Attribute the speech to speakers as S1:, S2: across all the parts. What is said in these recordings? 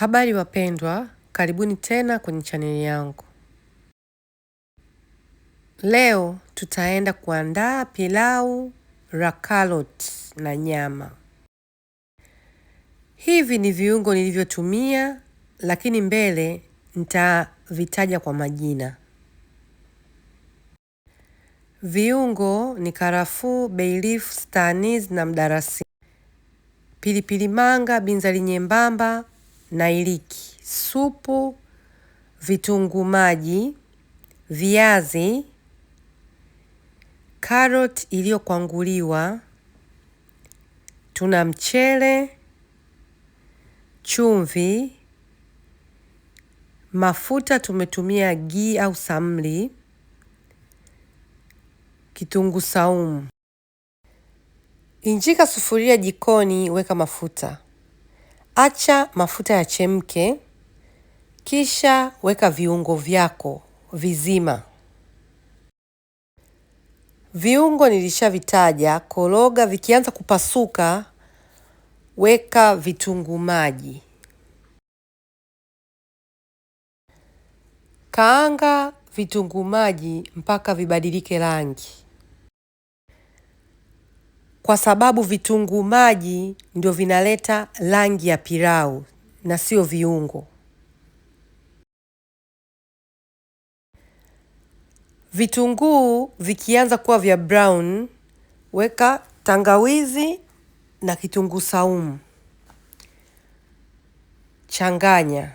S1: Habari wapendwa, karibuni tena kwenye chaneli yangu. Leo tutaenda kuandaa pilau la carrot na nyama. Hivi ni viungo nilivyotumia, lakini mbele nitavitaja kwa majina. Viungo ni karafuu, bay leaf, na mdarasi pilipili manga, binzari nyembamba, na iliki, supu, vitunguu maji, viazi, karoti iliyokwanguliwa, tuna mchele, chumvi, mafuta tumetumia ghee au samli, kitunguu saumu. Injika sufuria jikoni, weka mafuta Acha mafuta yachemke, kisha weka viungo vyako vizima. Viungo nilishavitaja, koroga. Vikianza kupasuka, weka vitunguu maji, kaanga vitunguu maji mpaka vibadilike rangi kwa sababu vitunguu maji ndio vinaleta rangi ya pilau na sio viungo. Vitunguu vikianza kuwa vya brown, weka tangawizi na kitunguu saumu, changanya.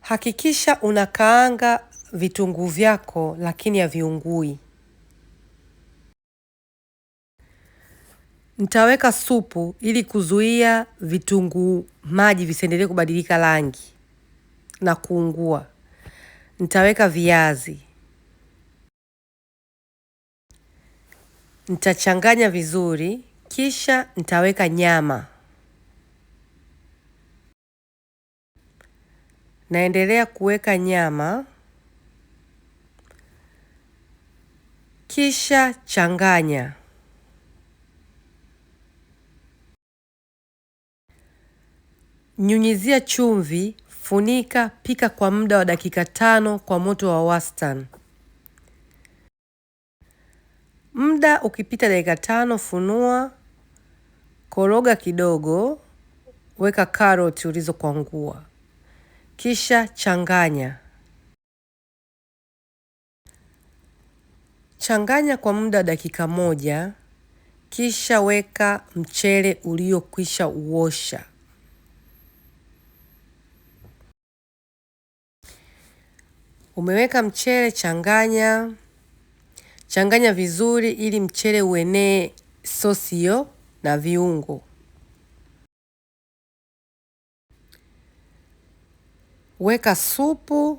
S1: Hakikisha unakaanga vitunguu vyako, lakini haviungui. Nitaweka supu ili kuzuia vitunguu maji visiendelee kubadilika rangi na kuungua. Nitaweka viazi, nitachanganya vizuri, kisha nitaweka nyama. Naendelea kuweka nyama, kisha changanya. Nyunyizia chumvi, funika, pika kwa muda wa dakika tano kwa moto wa wastani. Muda ukipita dakika tano, funua, koroga kidogo, weka karoti ulizokwangua, kisha changanya changanya kwa muda wa dakika moja, kisha weka mchele uliokwisha uosha. Umeweka mchele, changanya changanya vizuri ili mchele uenee sosi hiyo na viungo. Weka supu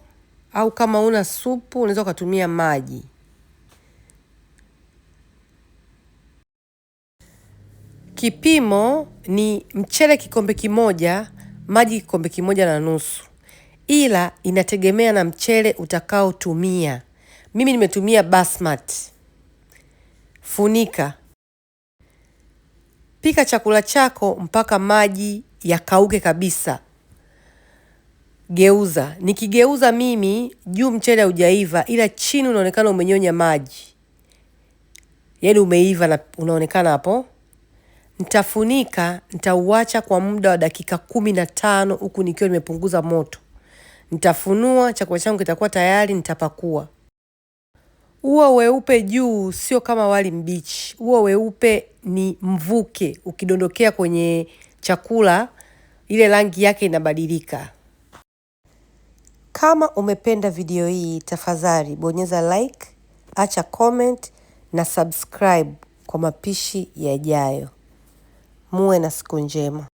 S1: au kama una supu unaweza ukatumia maji. Kipimo ni mchele kikombe kimoja, maji kikombe kimoja na nusu ila inategemea na mchele utakaotumia. Mimi nimetumia basmati. Funika, pika chakula chako mpaka maji yakauke kabisa. Geuza. Nikigeuza mimi juu mchele haujaiva, ila chini unaonekana umenyonya maji, yaani umeiva na unaonekana hapo. ntafunika ntauacha kwa muda wa dakika kumi na tano huku nikiwa nimepunguza moto. Nitafunua, chakula changu kitakuwa tayari, nitapakua. Huo weupe juu sio kama wali mbichi, huo weupe ni mvuke, ukidondokea kwenye chakula ile rangi yake inabadilika.
S2: Kama umependa video hii, tafadhali bonyeza like, acha comment na subscribe kwa mapishi yajayo. Muwe na siku njema.